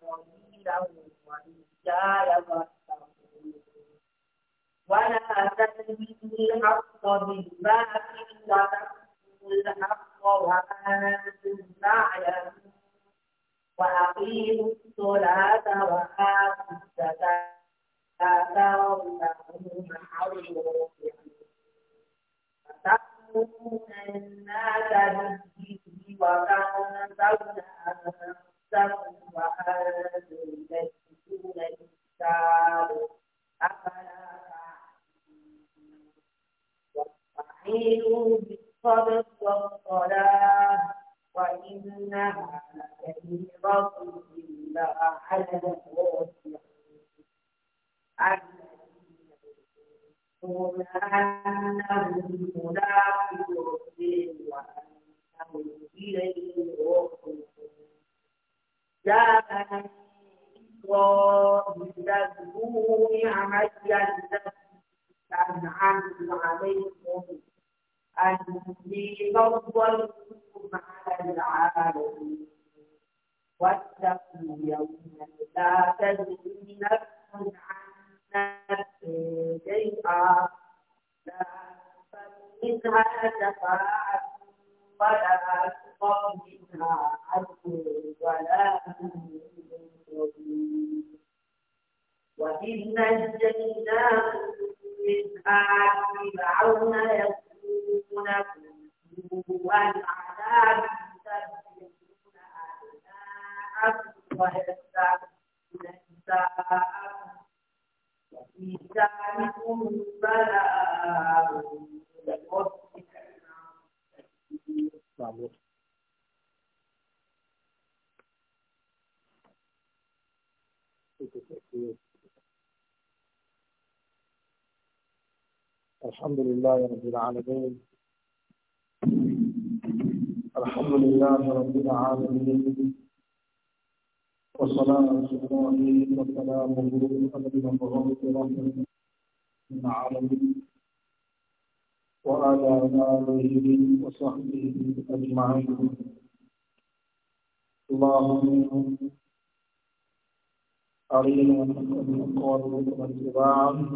قليلا وإياي فاتقون ولا تلبسوا الحق بالباطل وتكتموا الحق وأنتم تعلمون وأقيموا الصلاة وآتوا الزكاة وارجعوا مع الراجعين فتأمرون الناس بالبر وتنسون أنفسكم نفسكم وأنتم تكتبون الكتاب أفلا واستعينوا بالصبر والصلاة وإنها لكبيرة إلا على الخاسرين الذين يظنون أنهم ملاقوا ربهم وأنهم إليه راجعون بني إسرائيل اذكروا نعمتي التي أنعمت عليكم أني فضلتكم على العالمين واتقوا يوما لا تجزي نفس عن شيئا لا تنفع منها شفاعة ولا تقبل منها عبد ولا وإذ نجيناه من آل فرعون يسومونكم سوء العذاب يسبحون أبناءكم ويستعبدون نساءكم وفي ذلكم بلاء من ربكم عظيم الحمد لله رب العالمين الحمد لله رب العالمين والصلاة والسلام وسلامه على المبعوث رحمة العالمين وعلى آله وصحبه أجمعين اللهم أرنا الحق واتباعه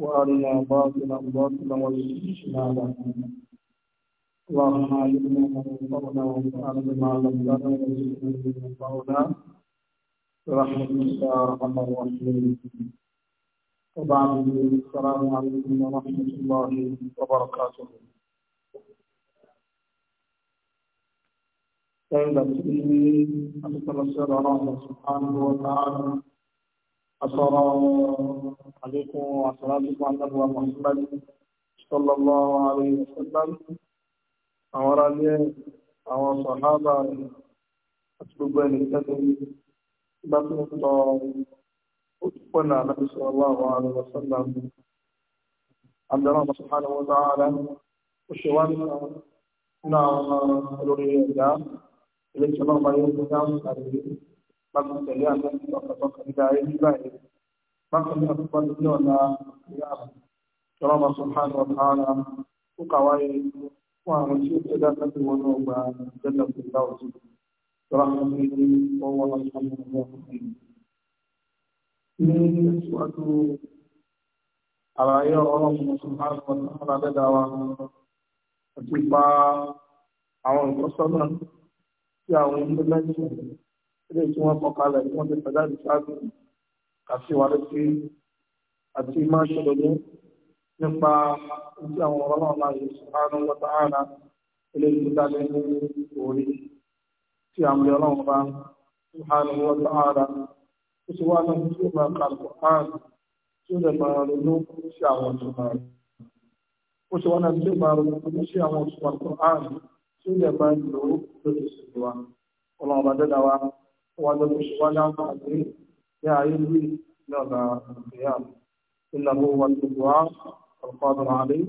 وأرنا باطلا باطلا واجتنابه اللهم علمنا ما ينفعنا وانفعنا بما علمتنا وارزقنا بما ينفعنا برحمتك يا أرحم الراحمين وبعد السلام عليكم ورحمة الله وبركاته lẹ́yìn ìgbà tí akẹ́kọ̀ọ́ sí ọ̀dọ̀ ọlọ́run subhanahu wa ta'ala asọ̀rọ̀ àlékún àsọ̀rọ̀ fún anábùwà Muhammad sallallahu alayhi wa sallam àwọn ará ilé àwọn sàhábà àti gbogbo ẹni tẹ́lẹ̀ bá tó ń tọ òtúpọ̀ náà láti sallallahu alayhi wa sallam àbẹ̀rẹ̀ subhanahu wa ta'ala ó ṣe wá nípa náà lórí ẹ̀dá ilé ìṣọ́nà ọba yóò tó dáhùn àdìrí bákan tẹ̀lé àtẹ́sí ọ̀kọ̀tọ̀kọ̀ nígbà ayé nígbà ayé bákan ní àtúkọ́ ní ọ̀nà ìyá ìṣọ́nà ọba sọ̀hánù ọ̀tàrà ó kàwáyé fún àwọn tí ó tẹ̀ dáta tí wọn náà gba ìjẹ́ta kò dá òtún ìṣọ́nà ọba ní ọwọ́ ìṣọ́nà ọba ọ̀hún. ní ìṣúwájú àlàyé ọlọ́run sọ̀hánù ọ̀tàrà dẹ́dáwà àti pa àwọn ìkọ́sọ́nà sí àwọn onímọ̀lẹ́sìn ilé tí wọ́n kọkalẹ̀ tí wọ́n ti pẹ̀lú àdìsáàbì àti ìwà lẹ́sí àti máa ṣẹlẹ̀ nípa tí àwọn ọ̀rọ̀ náà máa yẹ subhanahu wa ta'ala ilé tí ó dálé ní orí tí àwọn ọlọ́run bá subhanahu wa ta'ala ó sì wá náà tí ó máa ka al tí ó lè máa sí àwọn náà ó sì wá tí إنه هو الدعاء القادر عليه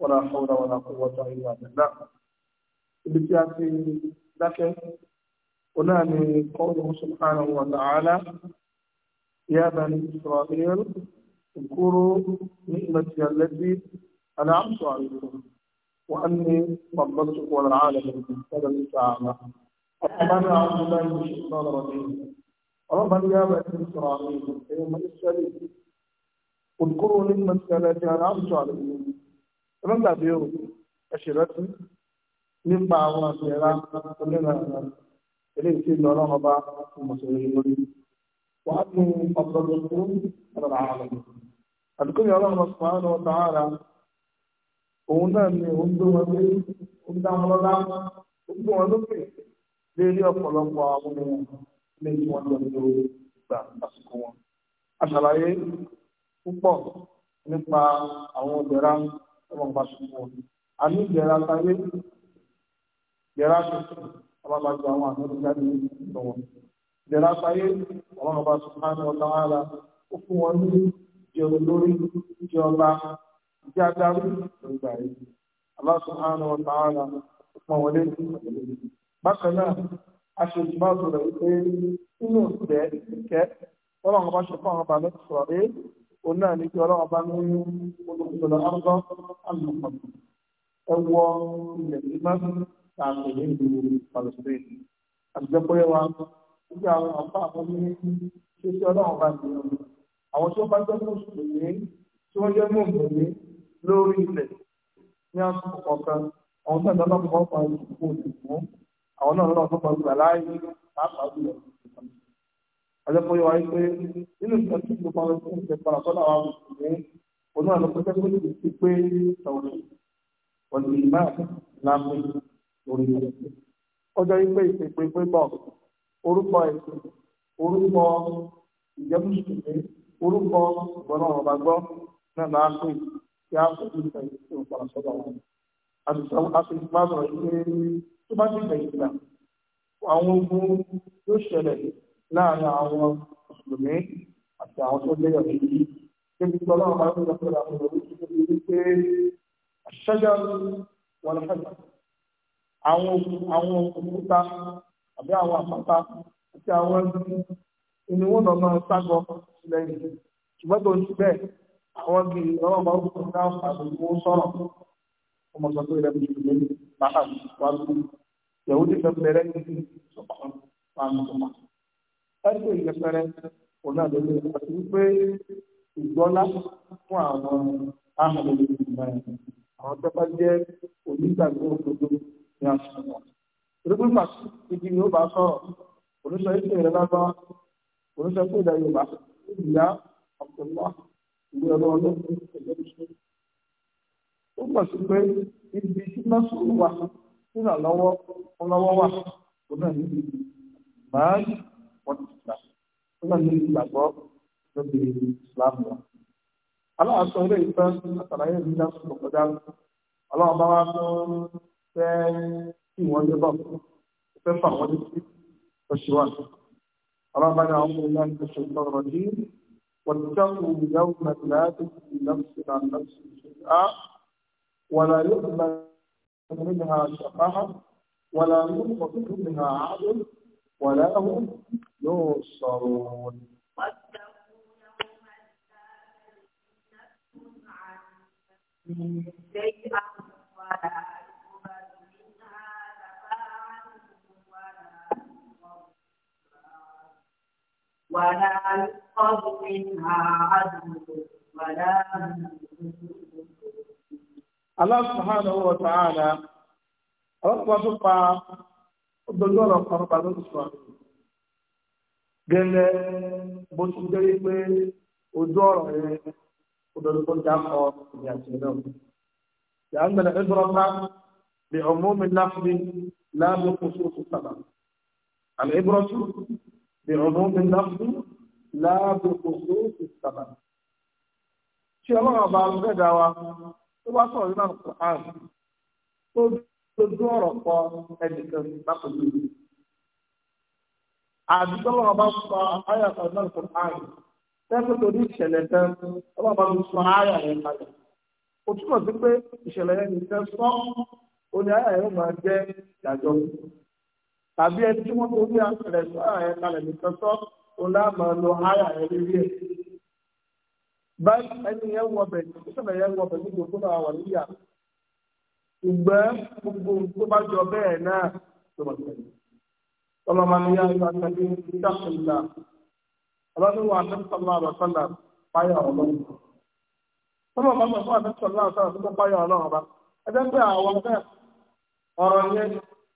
ولا حول ولا قوة إلا بالله. بالتأكيد لكن هنا قوله سبحانه وتعالى يا بني إسرائيل اذكروا نعمتي التي أنعمت عليكم وأني فضلتك على العالمين هذا الاستعانة أتمنى أعوذ بالله من الشيطان الرجيم ربنا يا بني إسرائيل يوم السبيل اذكروا نعمتك التي أنعمت عليكم فمن لا بيوم اشرتي من بعض الأسئلة كلنا إليه في الله بعض المسلمين وأني فضلت على العالم أذكر يا الله سبحانه وتعالى òun náà ni òun gbé wọn lé òun dá wọn lọ́lá ó gbé wọn lókè lérí ọ̀pọ̀lọpọ̀ àwọn ohun ilé tí wọ́n lọ lọ gbà lásìkò wọn. aṣàlàyé púpọ̀ nípa àwọn ìdẹ̀ra ọmọ bá ṣubú wọn. a ní ìdẹ̀ra táyé ìdẹ̀ra tuntun ọmọ bá ju àwọn àtọ́jú jáde lọ́wọ́. ìdẹ̀ra táyé ọmọ bá subhanahu wa ta'ala ó fún wọn ní jẹun lórí jẹ ọba ìdí adarí ló gbà yìí Allah subhanahu wa ta'ala pọn wọlé bákan náà aṣojú bá sọ̀rọ̀ wípé inú ìtẹ́ ìkẹ́ ọlọ́run bá ṣe fún àwọn ọba lọ́tọ̀ sọ̀rọ̀ òun náà ní kí ọlọ́run bá ní olùsọ̀rọ̀ ọgbọ́ àlùmọ̀ ẹ wọ ilẹ̀ mímọ́ tààtò ní ìlú Palestine àgbẹ̀pẹ́ wa nígbà àwọn ọ̀pá àwọn ní ṣíṣe ọlọ́run bá ní àwọn tí wọ́n bá jẹ́ mùsùlùmí lórí ilẹ̀ ní àsìkò kọ̀ọ̀kan àwọn tó ń dáná fún ọ̀pá ìdìbò òdìbò àwọn náà lọ́wọ́ tó pàṣẹ láàyè pàápàá jùlọ ọjọ́ pé wáyé pé nínú ìgbà tí mo pàrọ̀ fún ìṣẹ̀ padà sọ́dọ̀ àwọn mùsùlùmí òun àlọ́ pé kẹ́kọ̀ọ́ ti ti pé sọ̀rọ̀ pẹ̀lú ìmá lámì lórí ilẹ̀ ọjọ́ yìí pé ìpèpè pé kí á fojú ìfẹ̀yìntì tó ń padà sọ́dọ̀ wọn. àtúntò àtúntò máa sọ̀rọ̀ yìí tó bá ti fẹ̀yìntì náà àwọn ogun yóò ṣẹlẹ̀ láàárín àwọn mùsùlùmí àti àwọn tó lé ọ̀rẹ́ yìí débi tí ọlọ́run máa ń lọ pẹ̀lú àwọn ọ̀rẹ́ yìí débi wípé àṣẹjọ́ wọn lọ fẹ́ẹ̀ àwọn àwọn òkúta àbí àwọn àpáta àti àwọn ẹbí ni wọn lọ máa ń ságọ sílẹ̀ yìí ṣùgbọ́n tó ń ṣe bẹ́ẹ̀ àwọn bí ọlọ́run bá wù ní àǹfààní owó sọ̀rọ̀ wọ́n mọ̀ sọ pé ìrẹ́ mi ìdílé bàbá mi wà lù yẹ̀wò ti fẹ́ bẹ̀rẹ̀ ní sọ̀pọ̀ máa ń sọ̀pọ̀. ẹgbẹ́ ìyẹpẹrẹ kò náà lórí àti wípé ìgbọ́lá fún àwọn ahàlẹ́ ìgbà yẹn àwọn tó bá jẹ́ onígbàgbọ́ òdodo ní àṣà wọn. ìrúgbìn pàṣẹ igi ni ó bá sọ̀rọ̀ oníṣẹ́ ìṣẹ̀lẹ̀ ìwé ọ̀rọ̀ ọlọ́run pẹ̀lú ìṣẹ́. ó pọ̀ sí pé ibi tí mọ́sùlù wà nínú àlọ́wọ́ ọlọ́wọ́ wà kó náà níbi máa ń wọ́n ti gbà kó náà níbi ìgbàgbọ́ lóde ìsìlámù wa. aláwọ̀ ilé ìfẹ́ àtàlàyé ìlú dá sọ̀rọ̀ kọjá ọlọ́run bá wá fún fẹ́ kí wọ́n yé bọ̀ fẹ́ fà wọ́n ní sí oṣù ọlọ́run bá ní àwọn ọmọ ìlú láti واتقوا يوما لا تجزي نفس عن نفس شيئا ولا يقبل منها شفاعة ولا ينفق منها عدل ولا هم ينصرون شيئا you. ولا يؤخذ منها عدل ولا Allah subhanahu wa ta'ala ọlọ́pàá tó pa ọdọ́jọ́ ọ̀rọ̀ sọ gẹ́gẹ́ bó ti jẹ́ wípé ojú ọ̀rọ̀ rẹ̀ tó já kọ ìyá Ìyá ń ọmọ mi láfi sábà. Àmì بعموم اللفظ لا بخصوص السبب ṣé ọlọ́run ọba ọlọ́dà wa tó bá sọ̀rọ̀ nínú Al-Qur'an tó dojú ọ̀rọ̀ kọ ẹnìkan lápòlú yìí àdúgbò ọlọ́run ọba sọ ayà kan nínú Al-Qur'an tẹ́lẹ̀ tó ní ìṣẹ̀lẹ̀ tán ọlọ́run ọba ti sọ ayà tàbí ẹni tí wọ́n torí àtẹ̀rẹ̀ sọ ààrẹ ah, kalẹ̀ nìkan sọ òun náà máa lo àyà rẹ lórí ẹ̀. báyìí ẹni yẹn wọ bẹ̀ ìṣẹ̀lẹ̀ yẹn wọ bẹ̀ nígbà tó náà wà níyà ṣùgbọ́n gbogbo tó bá jọ bẹ́ẹ̀ náà ló wà níyà. ọlọ́mọ ni yára ìgbà kan ní ìṣàkóso ọlọ́run wà ní sọ́lá ọlọ́run. ọmọ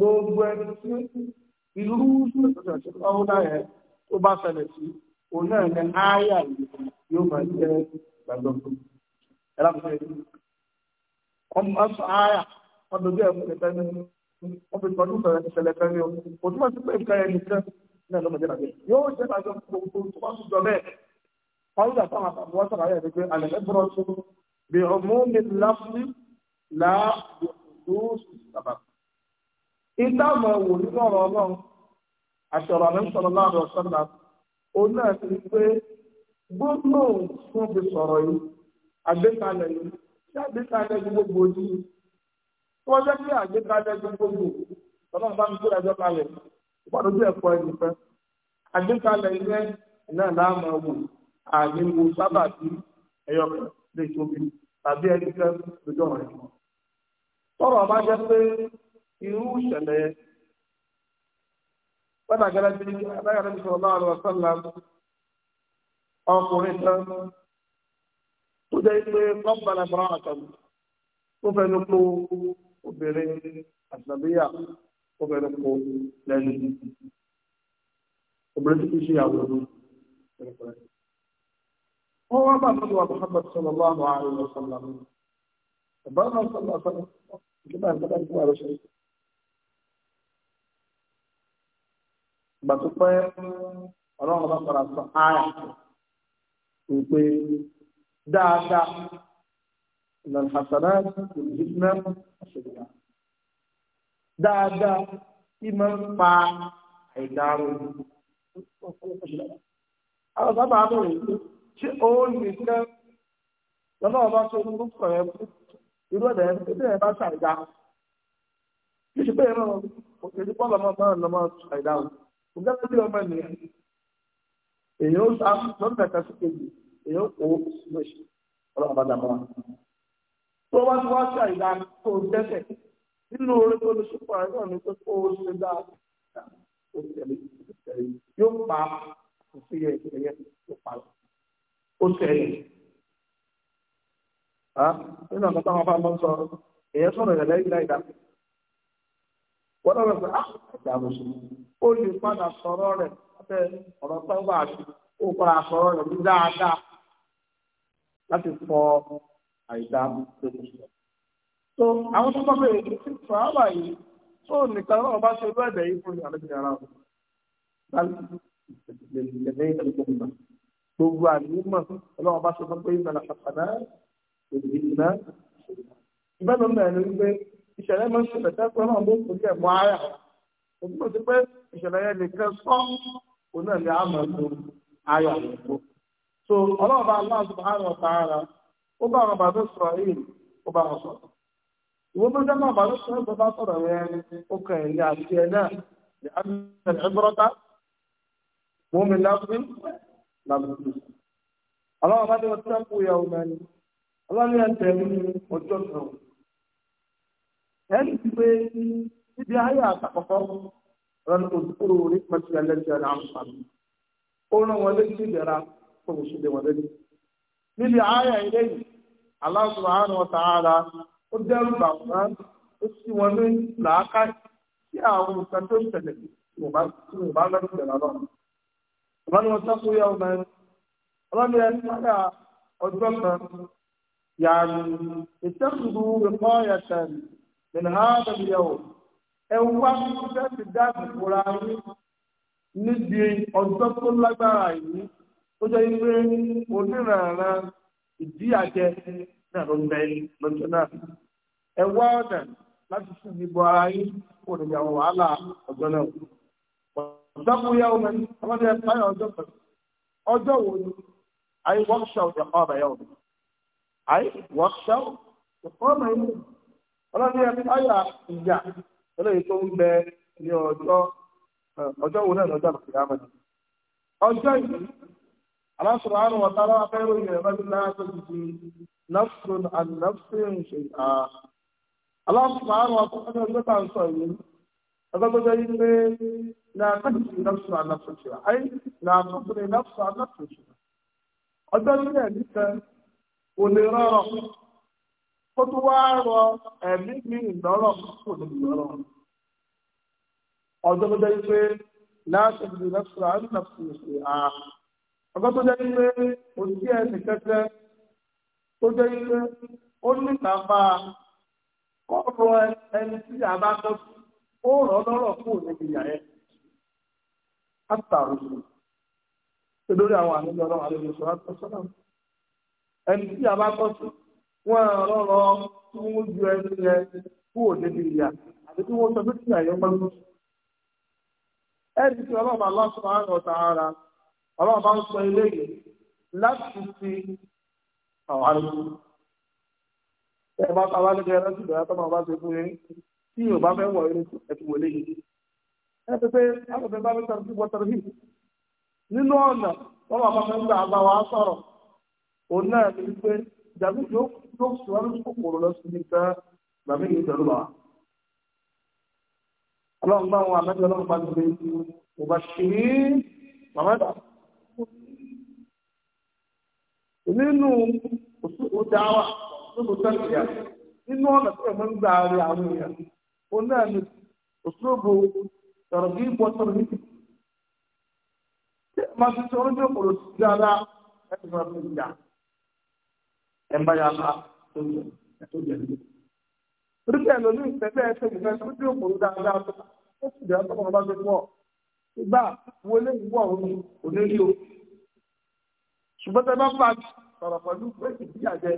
gbogbo ẹni tí irú ọ̀húnà yẹn tó bá ṣẹlẹ̀ sí òun náà ní ááyà yóò máa jẹ́ gbàgbọ́. ẹ lápẹ́ ọmọ sọ ááyà wọn dojú ẹ̀ fún ẹ̀fẹ́ ní wọn fi tọ́jú ìṣẹ̀lẹ̀ fẹ́ ní o kò túmọ̀ sí pé nǹkan ẹni kan ní ẹ̀ ló máa jẹ́ gbàgbọ́. yóò jẹ́ gbàgbọ́ gbogbo tó bá tún jọ bẹ́ẹ̀ wọ́n gbà táwọn àtàwọn sàlàyé ẹ̀ pé àlẹ́ ẹ̀bùrọ̀ tó bí ọmọ mi láfún lá yóò tó sábà ìtààmú ẹ̀wò nínú ọ̀rọ̀ ọlọ́run àṣọ̀rọ̀ àmì sọ̀rọ̀ láàrọ̀ sọ́nà òun náà ti pé gbogbo fún fi sọ̀rọ̀ yìí àgbékalẹ̀ yìí tí àgbékalẹ̀ gbogbo ní wọ́n jẹ́ pé àgbékalẹ̀ gbogbo tọ́lá bá ń gbéra ẹjọ́ kalẹ̀ ìpàdé bí ẹ̀kọ́ ẹni fẹ́ àgbékalẹ̀ ilé náà láàmú ẹ̀wò àmì wo sábà sí ẹ̀yọ lè tóbi tàbí ẹni fẹ́ lójọ́ rẹ̀ sọ̀rọ̀ bá jẹ́ pé irú ìṣẹ̀lẹ̀ yẹn. Bọ́dà gẹ́lẹ́ bí Adáyọ̀dé ti sọ̀rọ̀ láàrin ọ̀sán la ọkùnrin tán tó jẹ́ pé kọ́ńbàlà bọ́ra àtàwọn tó fẹ́ ló kó obìnrin àtàbíyà tó fẹ́ ló kó lẹ́nu. Obìnrin tó fi ṣe ìyàwó ló wọ́n wá bá àtúntò wa Muhammad sallallahu alaihi wa sallam. Ìbára náà sallallahu alaihi wa sallam. Ìjọba ìjọba ìjọba ìjọba ìjọba ìgbà tó pẹ́ ọlọ́run bá padà sọ ààyè wípé dáadáa ìlànà àtàrà ìdíjìnà àṣẹjìnà dáadáa tí máa ń pa àìdáàrú àwọn sábà bẹ̀rẹ̀ pé ṣé òun nìkan lọ́nà ọba tó ń lùkọ̀ ẹ̀ fún irú ẹ̀dẹ̀ ẹ̀ bá ṣàìdá kí ṣe pé ẹ̀rọ òṣèlú pọ́lọ́mọ́ máa ń ṣàìdá òun kò gẹ́gẹ́ bí ọmọ ènìyàn èyàn ó sá lọ́nà kẹta sí kejì èyàn ó kó sínú ìṣe ọlọ́run bá dàbọ̀ wọn. tó o bá ti wá sí àyíká tó o dẹ́sẹ̀ nínú orí tó lè ṣùpọ̀ rẹ̀ náà ni pé kó o ṣe dáadáa o tẹ̀lé tẹ̀lé yóò pa òfin yẹn ìṣẹ̀yẹ tó pa lọ o tẹ̀lé. nínú àkọ́tà wọn bá lọ sọ èyàn sọ̀rọ̀ ìrẹ̀lẹ́ ìlà ìdá wọ́n lọ́wọ́ pé ah ẹ̀jẹ̀ àmùsùn ó lè padà sọ̀rọ̀ rẹ̀ abẹ́ ọ̀rọ̀ tó wà sí ó padà sọ̀rọ̀ rẹ̀ ní dáadáa láti fọ àìdá tó kù sọ. tó àwọn tó kọ́kọ́ èyí tí fún àbá yìí tó nìkan náà bá ṣe bẹ́ẹ̀ bẹ́ẹ̀ yìí fún ìyàrá ìyàrá o. gbogbo àdúgbò ọlọ́wọ́ bá ṣe fún pé ìgbàlá pàpàdá ìgbìmọ̀ ìbẹ́ẹ̀ ìṣẹ̀lẹ̀ máa ń ṣẹlẹ̀ sẹ́kọ̀ọ́ náà ló kù kẹ̀ mọ́ ara òun náà ti pé ìṣẹ̀lẹ̀ yẹn nìkan sọ òun náà ni a máa lo ayọ̀ àyẹ̀kọ́ so ọlọ́run bá aláwọ̀ subhanahu wa ta'ala ó bá àwọn bàbá sọ̀rọ̀ yìí ó bá wọn sọ̀rọ̀ ìwé tó jẹ́ máa bàbá sọ̀rọ̀ tó bá sọ̀rọ̀ yẹn ó kàn ní àti ẹ̀ náà ní àmì ìbúrọ́tà mọ́mi lábí lábí ọlọ́run bá dé wọn ẹ̀rí ti pé níbi ayé àtàkọ́kọ́ rẹ̀ òdúró orí pẹ̀sì ẹlẹ́sẹ̀ rẹ̀ àǹfààní. Ó rán wọn létí ìdẹ̀ra tó kò ṣẹlẹ̀ wọn lẹ́nu. Níbi ayé ilé yìí, Allah subhanahu wa ó dẹ́rù bàbá ó sì wọn ní làákà sí àwọn nǹkan tó tí mo bá lọ́dún Bàbá ni wọ́n sọ́kú ọmọ ẹni. Ọlọ́ni ẹni ọjọ́ kan yàrá nínú hàdà ìyàwó ẹ wá fífẹ́ ti dáàbò fúra yín níbi ọjọ́ tó lágbára yìí tó jẹ́ pé onírànràn ìdíyàjẹ náà ló ń bẹ lọ́jọ́ náà ẹ wá ọ̀nà láti fún mi bọ ara yín kó lè yàwó wàhálà ọjọ́ náà ọ̀dọ́kùn yàwó mẹ́rin ọmọdé ẹ̀ táyà ọjọ́ kan ọjọ́ wo ni àyè wọ́kṣọ̀ ọ̀dẹ̀kọ́ ọ̀bẹ̀yẹ̀wò àyè wọ́kṣọ̀ ọ̀dẹ̀kọ́ ọ̀bẹ̀yẹ̀wò ọlọ́run yẹn fáyà ìjà eléyìí tó ń bẹ ní ọjọ́ ọjọ́ wo náà lọ́jọ́ àlùkò yàrá mẹ́rin ọjọ́ yìí aláṣọ̀rọ̀ àrùn ọ̀tàrà afẹ́rò ìrìn ẹ̀rọ ní láàtọ̀ tuntun nafsun and nafsun ṣe à aláṣọ̀rọ̀ àrùn ọ̀tàrà ọjọ́ tá à ń sọ yìí ọjọ́ yìí pé na tẹ́kìtì nafsun and nafsun ṣe à kó tó wá rọ ẹ̀mí mi ìlọ́rọ̀ kò níbi ìlọ́rọ̀ ọjọ́ tó jẹ́ pé láti ìlú lẹ́sùn àdúrà fún ìṣe à ọjọ́ tó jẹ́ pé kò sí ẹnì kẹ́kẹ́ tó jẹ́ pé ó ní kàfà kọ́rọ̀ ẹni tí a bá tọ́ sí ó rọ̀ lọ́rọ̀ kò níbi ìyá ẹ̀ látàrí ṣe lórí àwọn àníjọ́ ọlọ́run àlejò sọ̀rọ̀ àtọ́sọ́nà ẹni tí a bá tọ́ sí. wọn rọrọ tí wọn ju ẹni yẹn kúrò níbi ìyà àti tí wọn sọ pé kí àyè pẹ̀lú. ẹni tí ọlọ́ọ̀bà lọ́sọ̀rọ̀ àrùn ọ̀tá ara ọlọ́ọ̀bà ń sọ eléyìí láti fi àwọn ẹ bá ta wá tó máa bá ṣe fún yín tí yóò bá fẹ́ ẹ̀tù wọlé yìí. ẹ bá mi sí nínú ọ̀nà wọn dàbí yóò yóò sọ wọn lóṣù kòkòrò lọ sí ibi kan bàbá yìí tẹ̀lé wa. ọlọ́run bá wọn àmẹ́jọ ọlọ́run bá ti gbé kò bá ṣe é màmá dà. nínú òṣùwò dáwà nínú sẹ́kìyà nínú ọ̀nà tí ẹ̀mọ́ ń gbà rí àwọn èèyàn ó náà ní ẹ̀mbá yà máa tó jẹ tó jẹ nílé. Oríṣi ẹ̀lòmí ìfẹ́fẹ́ ẹ̀ṣẹ̀ ìfẹ́ tó dé òkòrò dáadáa tó ó sì dẹ̀ ọ́tọ́ ọba tó pọ̀. Ìgbà wo lè wọ̀ ọ́n onírí o. Ṣùgbọ́n tẹ bá fà sọ̀rọ̀ pẹ̀lú pé ìdíyà jẹ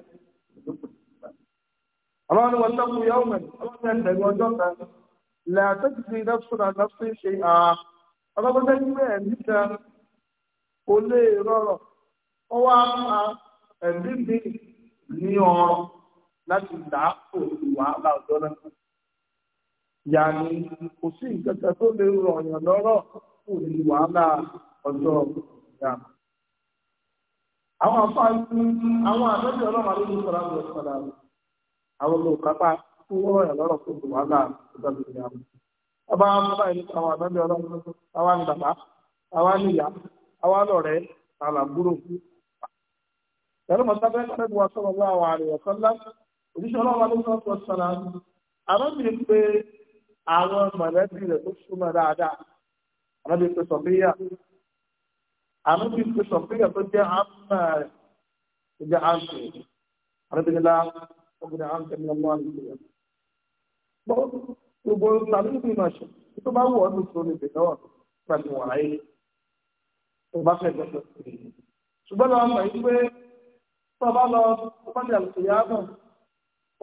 àwọn ni wọn lọ́kùn yà ọmọ ọlọ́kùn ẹ̀ ọjọ́ kan lẹ́yìn tí náà lọ́kùn ṣe à ìwé ẹ̀mí kan kò lè rọrọ̀ ọwọ́ àmà ẹ̀mí bíi ní ọrọ̀ láti là á wàhálà ọjọ́ náà. Yàní kò sí nǹkan kan tó lè ọ̀yàn lọ́rọ̀ kò wàhálà ọjọ́ ìyá. Àwọn afáàlú àwọn àtọ́jú ọlọ́run àlejò sọ̀rọ̀ àwọn àwọn tó wọ́n rẹ̀ lọ́rọ̀ kò sí wàhálà ọjọ́ ìyá. Ọba Amúbá ìlú àwọn àtọ́jú ọlọ́run àwa ni bàbá àwa pẹ̀lú mọ̀sáfẹ́ kọ́lẹ́bù wa sọ̀rọ̀ wá àwọn àríwọ̀ kọ́lá òjíṣẹ́ ọlọ́wà ló sọ̀rọ̀ tó sọ̀rọ̀ arábìnrin pé àwọn mọ̀lẹ́bí rẹ̀ tó súnmọ́ dáadáa arábìnrin pé sọ̀fíyà arábìnrin pé sọ̀fíyà tó jẹ́ àmà rẹ̀ tó jẹ́ àmì arábìnrin lá ọgbìn àmì tẹ̀lé ọmọ àmì tẹ̀lé gbogbo tàbí ìmọ̀ ṣe tó bá wù ọ́ ní ìṣòro ìbẹ̀dọ́wọ̀ pẹ̀lú tọba lọ tọba ní àlùkìyàmọ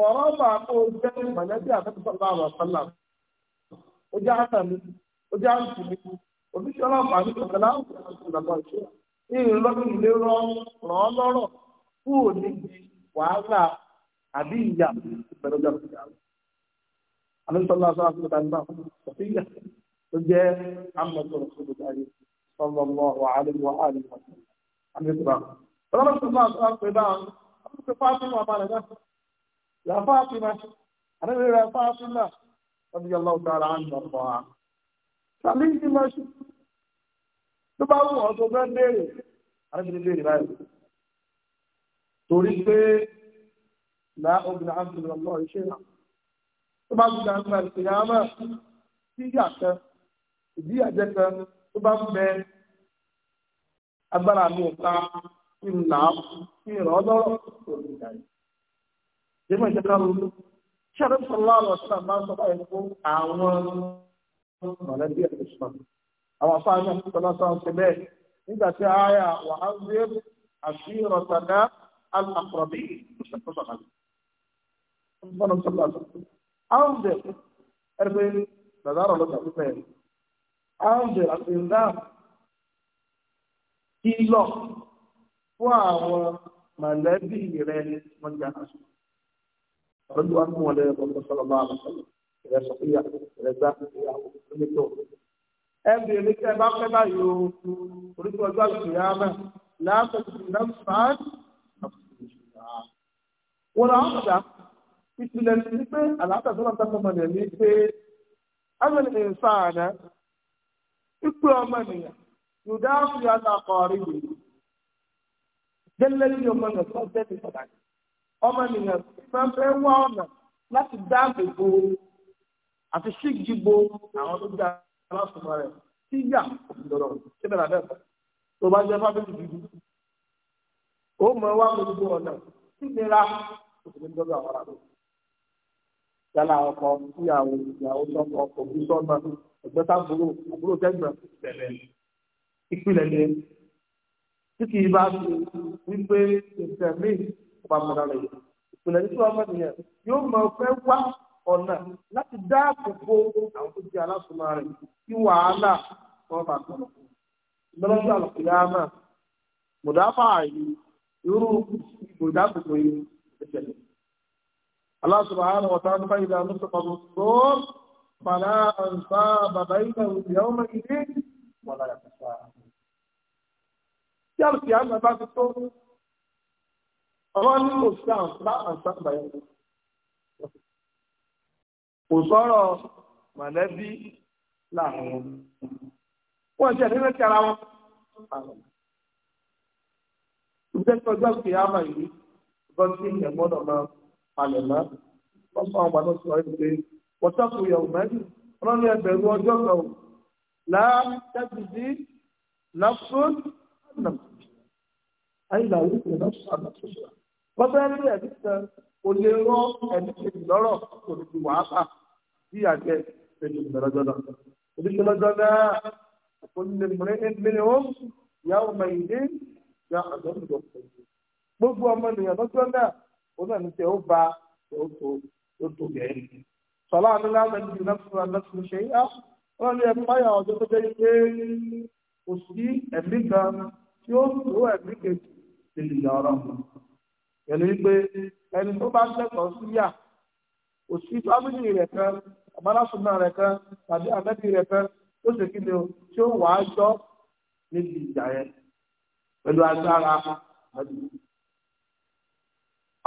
ọ̀rọ̀ máa kó jẹ mọ̀lẹ́bí àfẹsọsọlá àwọn ọsọlá ó jẹ àtà mi ó jẹ àǹtí mi òbíṣẹ ọlọ́pàá mi kọkànlá àwọn ìgbàgbọ́ ìṣe ìrìnlọdún ilé rọ ràn án lọ́rọ̀ kú òní di wàhálà àbí ìyà ìbẹ̀rẹ̀ ọjà ìgbàgbọ́ àlùsọlá sọ àfihàn àgbà sọfíyà tó jẹ àmọtò òṣèlú ayé sọlọ lọ wàhálà wàhálà àmì ìgbàgbọ́. رمض الله سؤال قبام أمس فاطمة ومالنا يا فاطمة أنا يا فاطمة رضي الله تعالى عنها وارضاها سأليني ما شو تبقى هو أصدقان ديري أنا من ديري بايو تريد لا أبن عبد من الله شيئا تبقى هو أصدقان القيامة في جاكة دي أجاكة تبقى هو agbára mi ò ká kí n là á kí n rọ̀ ọ́ lọ́rọ̀ kò ní ìdá yìí. Jẹ́mọ̀ ìjọba ronú. Ṣé àdó sọ̀rọ̀ àlọ́ sí àmà sọ báyìí fún àwọn mọ̀lẹ́bí ẹ̀sìn Islam? Àwọn afáàní àtúntọ́lá sọ ṣe bẹ́ẹ̀ nígbà tí àyà wà á ń gbé fún àwọn mọ̀lẹ́bí rẹ wọ́n jẹ́ aṣọ. Ọdún wa kún wọn lẹ́yìn ọ̀pọ̀ sọ̀rọ̀ bá wọn sọ̀rọ̀. Ìrẹ sọ fún ìyá rẹ gbá ìyàwó onítọ̀. Ẹ bèrè kí ẹ bá fẹ́ báyìí o. Orúkọ ọjọ́ àgbè yá náà láàbùkù náà fàán. Wọ́n ra ọ̀dà ìpìlẹ̀ ní pé àlàáfíà tó gẹ́gẹ́ bí ọmọ náà tó tẹ́tí pàtàkì ọmọ nìyẹn máa ń fẹ́ wá ọ̀nà láti dáàbò bo àti ṣígbìbo àwọn tó dá aláṣọmọ rẹ̀ síyà lọ́rọ̀ síbẹ̀ làbẹ́ fọ́ tó bá jẹ́ fábílì dúdú ó mọ wá gbogbo ọ̀nà sígbìnra òṣèlú lọ́dọ̀ àwọn ará yálà ọkọ ìyàwó ìyàwó sọkọ òbí sọmọ ẹgbẹ́ sábúrò àbúrò tẹgbẹ bẹ̀rẹ̀ ìpìlẹ̀ ni tí kì í bá ṣe wípé ìtẹ̀mí ìpamọ́ra rẹ̀ ìpìlẹ̀ nítorí ọmọ nìyẹn yóò mọ fẹ́ wá ọ̀nà láti dáàbò bo àwọn tó jẹ́ alásùnmọ́ rẹ̀ kí wàhálà wọn bá tọ̀nà fún un lọ́jọ́ àlùkìyámà mùdáfà yìí irú ìgbòdáàbòbò yìí ìṣẹ̀lẹ̀. Allah subhanahu wa ta'ala fa'ida nusufa nusur fala ansa babayna yawma idin wala yaqin tí àrùsí àmà bá ti tó ọlọ́run kò sí àǹfà àǹfààbà yẹn kò sọ̀rọ̀ mọ̀lẹ́bí láàrin wọn jẹ́ nílẹ̀ tí ara wọn ìgbẹ́ tí ọjọ́ kì í àmà yìí gbọ́n tí ìyẹn gbọ́dọ̀ máa palẹ̀ mọ́ wọ́n sọ àwọn àgbàdo sọ èdè wọ́n sọ́kù yẹ̀wò mẹ́rin ọlọ́run ẹgbẹ̀rún ọjọ́ kan láà tẹ́tù sí lọ́sùn àyìnlá orí ìpìlẹ̀ náà sọ̀rọ̀ àgbà tó sọ̀rọ̀. wọ́n fẹ́ rí ẹ̀mí kan kò lè rán ẹ̀mí kejì lọ́rọ̀ kò lè fi wàhálà bí àjẹ ẹ̀jẹ̀ ìgbàlódé náà. oníṣẹ́ lọ́jọ́ náà kò lè mìíràn mìíràn ó yà ó mọ ìdí yà àjọ ìjọ gbogbo ọmọ ènìyàn lọ́jọ́ náà ó náà ah, ní tẹ ó ba ó tó gẹ̀ẹ́. sọlá àdúrà náà ń di náà fún ọ kò sí ẹ̀mí kan tí ó tó ẹ̀mí kejì níbi ìyá ọrọ pẹ̀lú wípé ẹni tó bá lẹ́tọ̀ọ́ sí yà kò sí fámìlì rẹ̀ kan àbálásùnà rẹ̀ kan tàbí àbẹ́bí rẹ̀ kan kí ni o tí ó wàá jọ níbi ìjà yẹn pẹ̀lú agbára àdúgbò.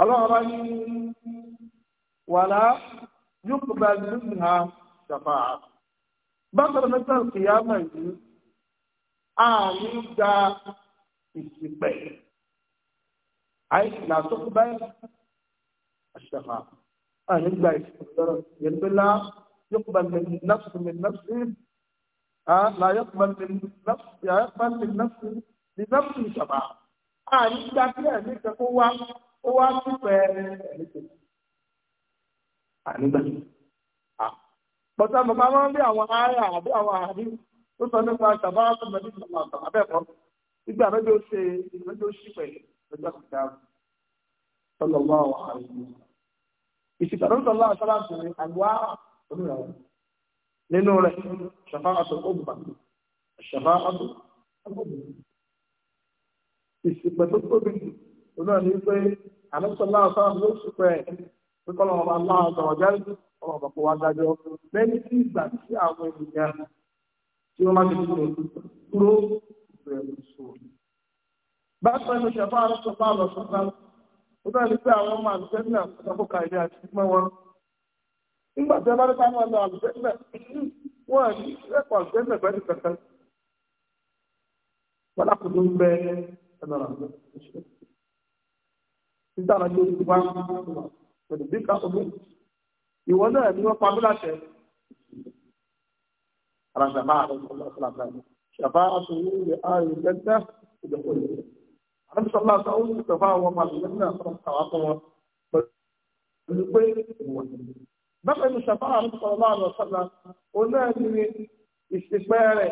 ọlọ́run bá ní wàlá yóò kó bá ha ṣàfà. bákan náà gba ìsìnkú àìsí làásùkú báyìí àṣẹfà àyè gba ìsìnkú lọ́rọ̀ yẹn pé lá yọkùbà mẹ́rin nafsi mẹ́rin nafsi là yọkùbà mẹ́rin nafsi là yọkùbà mẹ́rin nafsi ní nafsi ìṣàbà àyè gba kí ẹ̀mí kẹ́kọ̀ọ́ wá ó wá sí pẹ́ẹ́rẹ́ ẹ̀mí kẹ́kọ̀ọ́ ànígbà pọ̀tà bàbá máa ń rí àwọn ará àbí àwọn àrí tó sọ nípa ṣàbáwá tó mẹ́rin ṣàbáwá àbẹ́ẹ̀kọ́ ìgbà mẹ́jọ ṣe ìgbẹ́jọ ṣí pẹ̀lú lọ́jọ́ kìkà tọ́lọ́wọ́ àrùn ìsìkà tó ń tọ́lọ́ àṣọ́lá tó ní àgbà onírànwọ́ nínú rẹ̀ ṣàfà àtọ̀ ọ̀gbà ṣàfà àtọ̀ ọ̀gbà ìsìkà tó tóbi onáà ní pé àlọ́sọ̀lá àṣọ́lá ló sùpẹ̀ pé kọ́lọ́ ọba aláwọ̀ sọ̀rọ̀ jáde ọmọ bàbá wa dájọ́ lẹ́ni tí ìgbà tí àwọn ènìyàn tí wọ́n máa ti bákan ní ṣẹ̀fọ́ àrùsọ̀ bá lọ sọ́tà ó náà ní pé àwọn ọmọ àlùfẹ́mìnà àkọ́kọ́ kàìlẹ̀ àti mọ́ wọn. nígbà tí wọ́n bá ní ká máa lọ àlùfẹ́mìnà wọ́n ní ẹ̀kọ́ àlùfẹ́mìnà pẹ̀lú kankan. wọ́n lápò ló ń bẹ ẹ̀nà rẹ̀ nígbà tí ó ti wá pẹ̀lú bí ká omi ìwọ náà ni wọ́n pamọ́ láṣẹ. àràǹdàmá àrùn ọlọ́sọ̀lá àdébí sọlá sọ ó sì tẹ̀fọ́ àwọn ọmọ àlùmọ́ọ́nì náà sọ̀rọ̀ àwọn tó wọn pẹ̀lú pé wọ́n. bẹ́ẹ̀ ni sọ̀tọ́ àdébí sọlá àlọ́ sọ̀lá oná ẹni ni ìṣèpẹ́ rẹ̀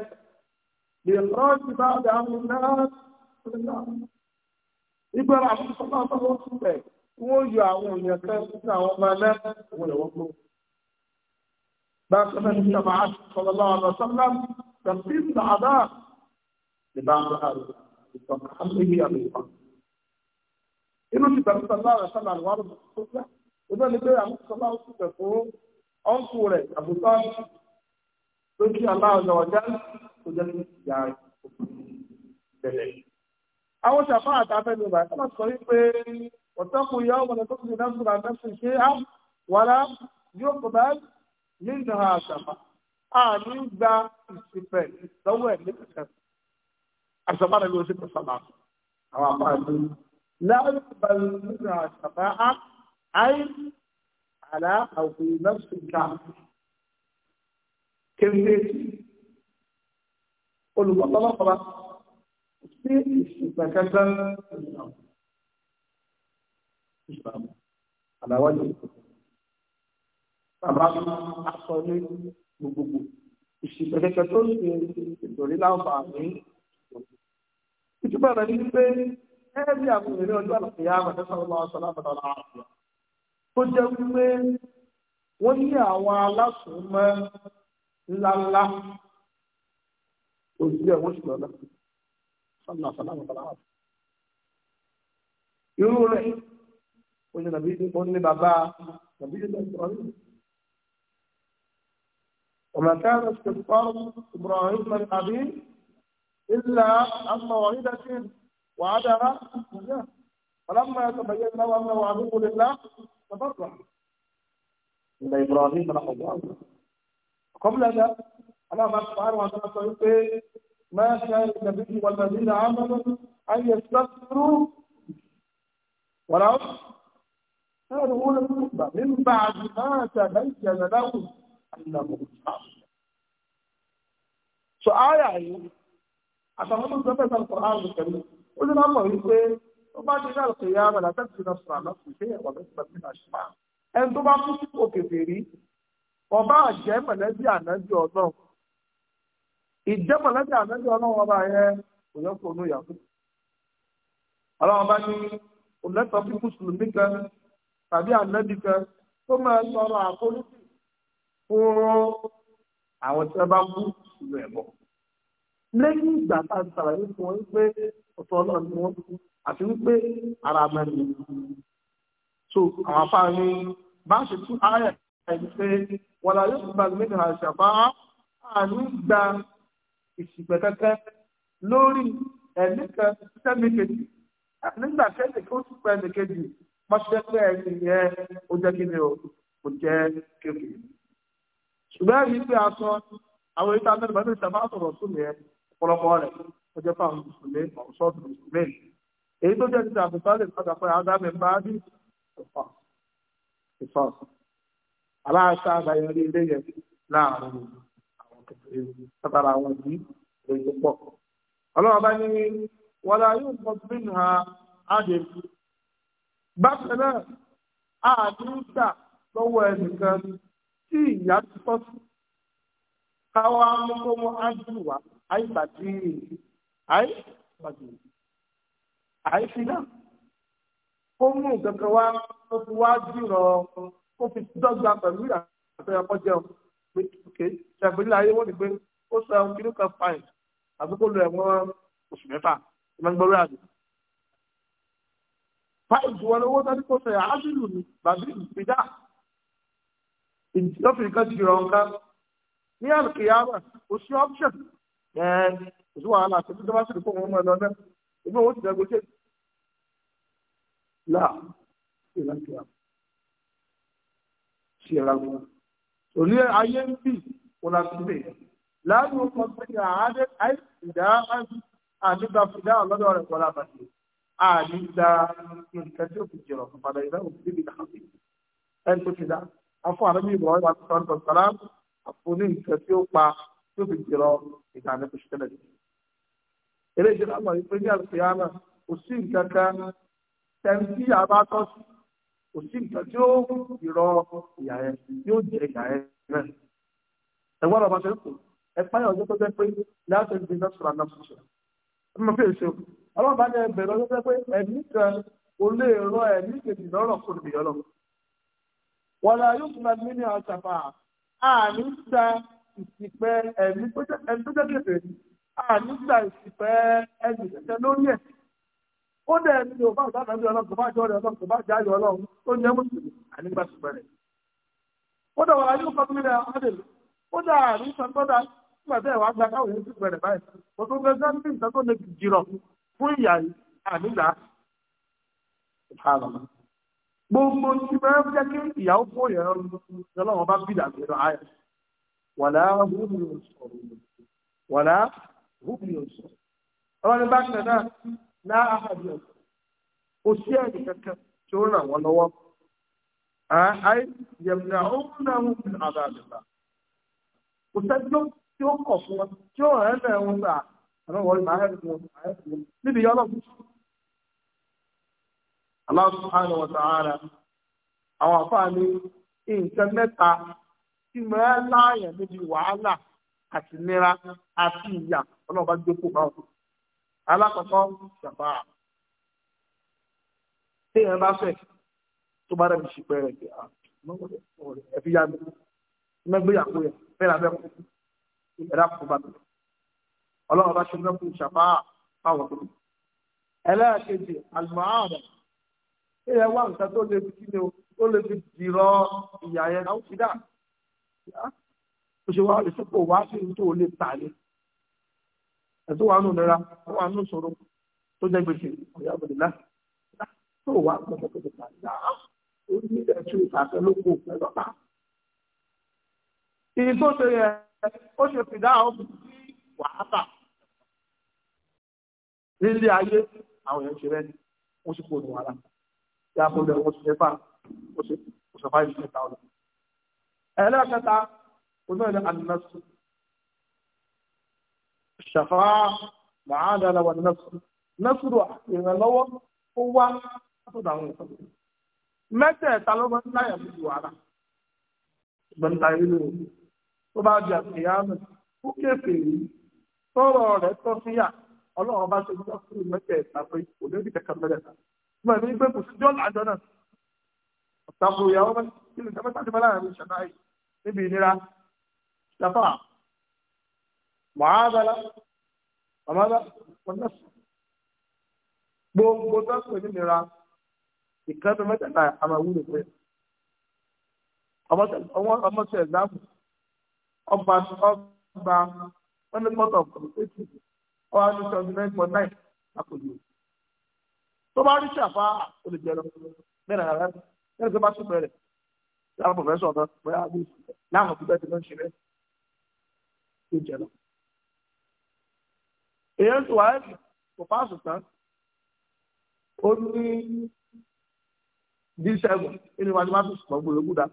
lè rọ́ọ̀tì bá dà mí náà ìgbẹ́ra àdébí sọlá sọ̀rọ̀ ó sì tẹ̀ wọ́n yọ àwọn èèyàn kan sí àwọn ọmọ ẹlẹ́ wọ́n lè wọ́n بس من الشفاعات صلى الله عليه وسلم تقسيم العذاب لبعض هؤلاء بالطن حمله بالطن inú ti bẹ̀rù sọ̀lá rẹ̀ sọ̀lá rẹ̀ wà lọ́dún tó gbà ó bẹ́ẹ̀ ni pé àwọn sọ̀lá ó ti bẹ̀ fún ọ̀nkù rẹ̀ àbùtọ́ tó kí aláàjọ ọjà tó jẹ́ kí ìyá bẹ̀rẹ̀. àwọn ṣàfà àtàfẹ́ ni bàtà máa sọ wípé ọ̀tọ́kù ìyá ọmọdé tó fi náà fúnra náà fi ṣe á wàrà yóò kó bá nínú àṣàfà àní gba ìsìnkú lọ́wọ́ ẹ̀ ní kẹsàn-án. اشخاص الزمان اللي وزيت الصلاة أو لا يقبل منها الشفاعة أي على أو في نفس الكعبة كذلك قل والله أقرا في الشفاكة على وجه طبعا أحصل بجبو الشفاكة تنسي تقولي لهم بعضين ìjúbà rẹ̀ ní pé ẹ́ẹ́ bí àwọn ìrìn ọjọ́ àlùfíà rẹ̀ ní sọ̀rọ̀ lọ́wọ́ sọ̀rọ̀ àbàdàn àlùfíà tó jẹ́ wípé wọ́n ní àwọn alásùnmọ́ ńláńlá òṣìṣẹ́ wọ́n sì lọ́lá sọ̀rọ̀ àbàdàn àlùfíà irú rẹ̀ ó ní nàbí ó ní bàbá nàbí ó ní ìtọ́jú. وما كان استغفار ابراهيم من ابيه إلا عن موعدة وعدها إياه فلما يتبين له أنه عدو لله تبرع إلى إبراهيم رحمه الله قبل هذا أنا ما سبحانه وتعالى يقول إيه؟ ما كان النبي والذين عملوا أن يستغفروا ولو كانوا أولى القربى من بعد ما تبين لهم أنهم أصحاب النار. So آية, آية. àtàwọn tó ń sọ fẹsẹ̀ àlùkò àrùn pẹ̀lú ó sì máa mọ̀ wípé ó bá ti rí àlùkò yá rẹ̀ látàkì sí lọ́sùn àná kò sí ẹ̀wọ̀n lọ́sùn àti àṣùmá ẹni tó bá kú sí òkèèrè rí ọba àjẹ́ mọ̀lẹ́bí ànájú ọlọ́run ìjẹ́ mọ̀lẹ́bí ànájú ọlọ́run ọba yẹn kò yọ kó onú yàgò ọlọ́run bá ní òlẹ́tọ̀ fún mùsùlùmí kan tàbí ànábì kan tó máa sọ̀rọ̀ àforíjì fún àwọn tí wọ́n bá kú ìlú ẹ̀bọ̀ lẹ́yìn ìgbà tá a ṣàlàyé fún wọn pé ọ̀tọ̀ ọlọ́run ni wọ́n àti wípé ara mẹ́rin so àwọn afáàní bá ṣe tún ayẹ ẹni pé wọn la yóò gba mí nìyà ṣàbá àní gba ìṣìgbẹ́ kẹ́kẹ́ lórí ẹ̀mí kan sẹ́mi kejì nígbà kẹ́lẹ̀ kó sì pẹ́ ẹni kejì mọ́ṣẹ́ pé ẹni yẹn ó jẹ́ kí ni o kò jẹ́ kékeré ṣùgbọ́n ẹ̀rí pé a sọ àwọn ìta mẹ́rin bá ní ìṣàbá sọ̀rọ̀ sùn yẹn ọ̀pọ̀lọpọ̀ rẹ̀ ó jẹ́ fún àwọn mùsùlùmí àwọn ṣọ́ọ̀tù mùsùlùmí èyí tó jẹ́ ti ta àbùsálẹ̀ padà pé ádámù bá bí ìfà ìfà aláàṣà àbáyọrí ilé yẹn láàrin àwọn kékeré látara àwọn ìdí lóyún tó pọ̀ ọlọ́run bá ní wọlé ayé nǹkan tó nínú ha áde bákan náà àti ń tà lọ́wọ́ ẹnìkan tí ìyá ti tọ́ sí káwá mú kó wá ai badiri ai badiri ai fina kó mú nǹkan wá ó fi wá jùlọ ó fi dọ́gba pẹ̀lú àtọ́ ẹ̀kọ́ jẹun pé òkè ṣàbílẹ̀ ayé wọ́n ní pé ó sọ ẹ̀hún kí ló kan fa ẹ̀ àti kó lo ẹ̀wọ̀n oṣù mẹ́fà ìmọ̀ ń gbọ́rọ̀ àdé. fáìlì wọn owó tó ní kó sọ ẹ̀ áṣìlù ní bàbí ìpìdá ìdílọ́fìn kan ti rọ̀ nǹkan ní àlùkìyàwó oṣù ọ́pṣọ̀n ẹ kò sí wàhálà àti tó bá sì rí fóun ọmọ ẹ lọ náà ìgbà wo ti dẹ́gbẹ́ ṣe là sí ìlànà sí ìlànà òní ayé ń bì wọn láti bè láàrin ọkọ pé àádé àìsìdá àdúgbà fìdá ọlọ́dọ̀ rẹ̀ wọlé àbàtì àdúgbà nǹkan tí ó fi jẹrọ padà ìdá òfin níbi náà sí ẹni tó ti dá afọ àdébí ìbọn ìwà tó sọ àfúní nǹkan tí ó pa tó fi jìrọ ìgbà ní oṣù tẹ́lẹ̀. eré ìṣẹ̀lẹ̀ àmọ́ ìpín ní àlùfíàmà kò sí nǹkan kan tẹ̀sí àbátọ́ kò sí nǹkan tí ó jìrọ ìyà ẹ̀ yóò jẹ ìyà ẹ̀ rẹ̀. ẹ̀wọ́n ọ̀bà ṣe kù ẹ̀pá yẹn ọjọ́ tó jẹ́ pé láti ẹgbẹ́ náà sọ̀rọ̀ náà sọ̀rọ̀. ọmọ fi èso ọlọ́ọ̀bá ni ẹgbẹ̀rún ọjọ́ pé ẹ̀mí kan ò ìsìnpẹ́ ẹ̀mí tó jẹ́ kéfèé ni ànígbà ìsìnpẹ́ ẹ̀mí tẹ̀tẹ̀ lórí ẹ̀ ó dẹ̀ ẹni ní òbá ìbá tàbí ọlọ́run kò bá jọ rẹ̀ ọlọ́run kò bá jẹ́ ayọ̀ ọlọ́run tó ní ẹmú sùn ànígbà ìsìnpẹ́ rẹ̀ ó dẹ̀ wà láyé ó kọ́kọ́ nílẹ̀ ọ̀dẹ̀lú ó dẹ̀ àrí sọ́dọ́dà nígbà tẹ́ ìwà gba káwọn èèyàn ìsìnpẹ́ rẹ̀ báyìí kò tó gbé sẹ́ńtì nǹkan tó lè jìrọ̀ fún ìyá ànígbà gbogbo ti bẹ́ẹ̀ jẹ́ kí ìyàwó fún ìyàwó ọlọ́run bá bìdà nínú ayọ̀ wàlá húmi òsòrò wàlá húmi òsòrò àwọn ní bákan náà náà àhàbí ọ̀sán kò sí ẹ̀rí kankan tí ó ràn wọ́n lọ́wọ́ àì yẹ̀mùnà tí mo ẹ́ láàyàn níbi wàhálà àti nira àti ìyà ọlọ́run bá gbé kó bá wọn. alákọ̀ọ́kọ́ ṣàbá téèyàn bá fẹ̀ tó bá dàbí ṣùpẹ́ rẹ̀ kí ah, ẹ̀fí yá mi mẹ́gbéyàwó yẹn fẹ́ràn abẹ́ kú ìbẹ̀rẹ̀ àkókò bá mi. ọlọ́run bá ṣe mẹ́kù ṣàbá fáwọn tó ẹlẹ́ẹ̀kejì àlùmọ́ọ́rọ̀ téèyàn wá nǹkan tó lè fi kí ni o tó lè fi dìrọ̀ ìyà yẹn àwọn ti dáa ó ṣe wá ìsopọ̀ wá sí ibi tó lè tà ní ẹ̀tọ́ wà nù nira ó wà nù sọ̀rọ̀ tó jẹ́ gbèsè ọ̀yà òbí náà tó wà pẹ̀lú pẹ̀lú tà ní àá ó ní ẹ̀tú ìtàkẹ́ ló kù pẹ̀lú ọ̀tá. ìyí tó ṣe yẹ ó ṣe fìdá ọ̀bùn sí wàhálà nílé ayé àwọn èèyàn ṣe rẹ ni wọ́n ṣe kó òdùn wàhálà yàtọ̀ lẹ́wọ̀n ṣe fà ó ṣe fà ìṣẹ̀ta ọ̀dọ̀. ẹlẹ́ẹ̀kẹta onáà ní anásù ṣàfà màádàlà wà násù násù na ìrànlọ́wọ́ ó wá látọ̀dọ̀ àwọn ìfọ̀dọ̀ mẹ́tẹ̀ẹ̀ta ló máa ń láyà sí wàhálà ṣùgbọ́n ta ilé o tó bá di àkèyàmù ó tàbí ìyàwó kí lè tẹ́fẹ́ tàbí láàrin ṣàdáì níbi ìnira ṣàfà màádàlá màmádà pọ̀nẹ́sì gbogbo tọ́sùn ìnira ìkẹ́tọ̀ mẹ́tẹ̀ẹ̀ta àmà wúlò pé ọmọ sí ẹ̀dáàbò ọba ọba wọn ní mọ́tò kọ̀ọ̀tẹ́tì ọba ní twenty nine point nine àkòjù tó bá rí ṣàfà olùjẹ́rọ mẹ́rin àrẹ́sì ẹni tó bá sùn bẹ̀rẹ̀ láwọn pòfẹ́sọ̀ ọ̀tọ̀ bóyá bí láwọn òbí bẹ́ẹ̀ ti ló ń ṣe bẹ́ẹ̀ tó jẹ lọ. èèyàn tó wà ẹ̀sìn kò fáàsù tán ó ní d seven nínú mathematics kan gbòòrò dà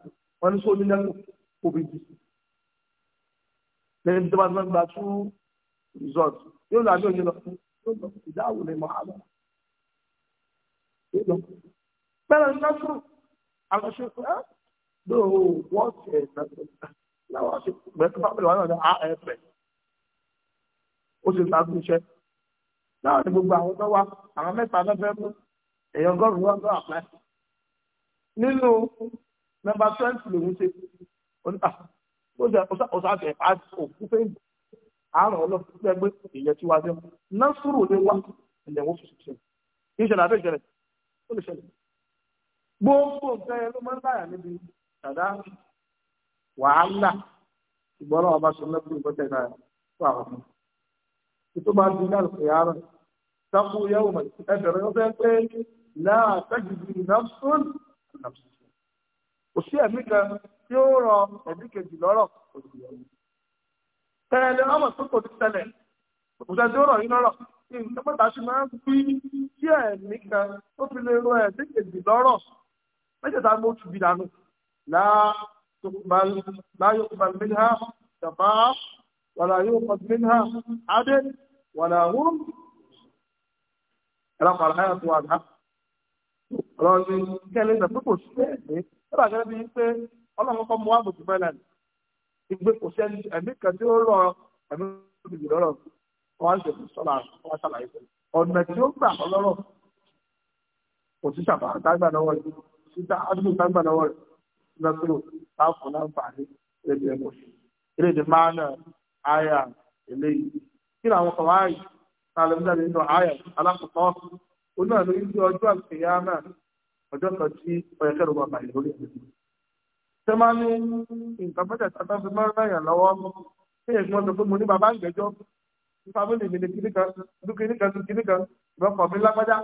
wọn ní sóòlù lẹ́kọ̀ọ́ òbí jù lẹ́yìn tó bá ti máa gba yóò lọ àbí òye lọ yóò ìdáhùn ní mọ́ àwọn ṣe pé ló ah, wọ́n ti ẹ̀sán láwọn ṣe gbẹ̀tọ́ bá pẹ̀lú àwọn ọ̀dọ́ ẹ̀fẹ̀ ó sì ta fún iṣẹ́ láwọn ní gbogbo àwọn tó wá àwọn mẹ́ta náà fẹ́ mú èèyàn ọgọ́rùn-ún wọn gbọ́ àpẹ́ nínú nọ́mbà twenty lòún ṣe oníta ah, ó ṣe ọ̀sàtẹ̀ àti òkú fẹ́yìn àárọ̀ ọlọ́pàá gbé ìyẹn tí wá sí násùrù ní wá ilẹ̀ wọn fi ṣiṣẹ́ ìṣẹ̀lẹ̀ àbẹ́ ìṣẹ̀lẹ̀ ó lè ṣẹlẹ̀ gbogbo nǹkan yẹn ló máa ń báyà níbi dàda wàhálà ṣùgbọ́n náà ọba sọ̀rọ̀ lẹ́kùn ìbọn tẹ̀ka fún àwọn ọmọ kí tó máa ń dín láti pèyà rẹ̀ sáfù yẹ́wò mọ̀ ẹ bẹ̀rẹ̀ ọ̀fẹ́ pé náà tẹ́jìdì nàfún nàfún kò sí ẹ̀mí kan tí ó rọ ẹ̀mí kejì lọ́rọ̀ kò sí ẹ̀mí. tẹ̀lé ọmọ tó kò ti tẹ̀lẹ̀ kò sẹ́ tó rọ̀ yín lọ́rọ̀ mẹ́tẹ̀ẹ̀ta gbó tu bí dànù láyò kùbàl mìíràn ṣàfà wàlà yóò kọ̀ mìíràn adé wàlà hùm ẹ̀rọ pàrọ̀ ayà tó wà dá. ọlọ́run ní kẹ́lẹ́ ìgbà pé kò sí ẹ̀mí nígbà gẹ́gẹ́ bíi pé ọlọ́run kọ́ mu àbùtù mẹ́lẹ̀ ní ìgbé kò sí ẹ̀mí kan tí ó rọ ẹ̀mí tó dìbò lọ́rọ̀ wọn á sọ́la wọn á ṣàlàyé ọ̀nà tí ó gbà ọlọ́rọ̀ kò sí ṣàbà àtàgbà náà wọlé síta adúlù tágbà lọ́wọ́ rẹ̀ lọ́sọ̀rọ̀ láàfún láǹfààní ẹ̀dì ẹ̀mọ́ eré ìdè máa náà àyà eléyìí kí làwọn kan wáyé sàlẹ̀mùjáde nínú àyà alákòókò ó náà lórí sí ọjọ́ àkèyá náà ọjọ́ kan tí ọ̀yẹ́kẹ́rù wà bàyẹ̀ lórí ẹ̀ ṣe máa ní nǹkan mẹ́tẹ̀ tata fi máa ń ráyàn lọ́wọ́ ṣé èyí wọ́n sọ pé mo ní bàbá ìgbẹ́jọ́ fámìlì mi ní kíníkan dúkìníkan dúkìníkan ìbọn kọ̀ lágbájá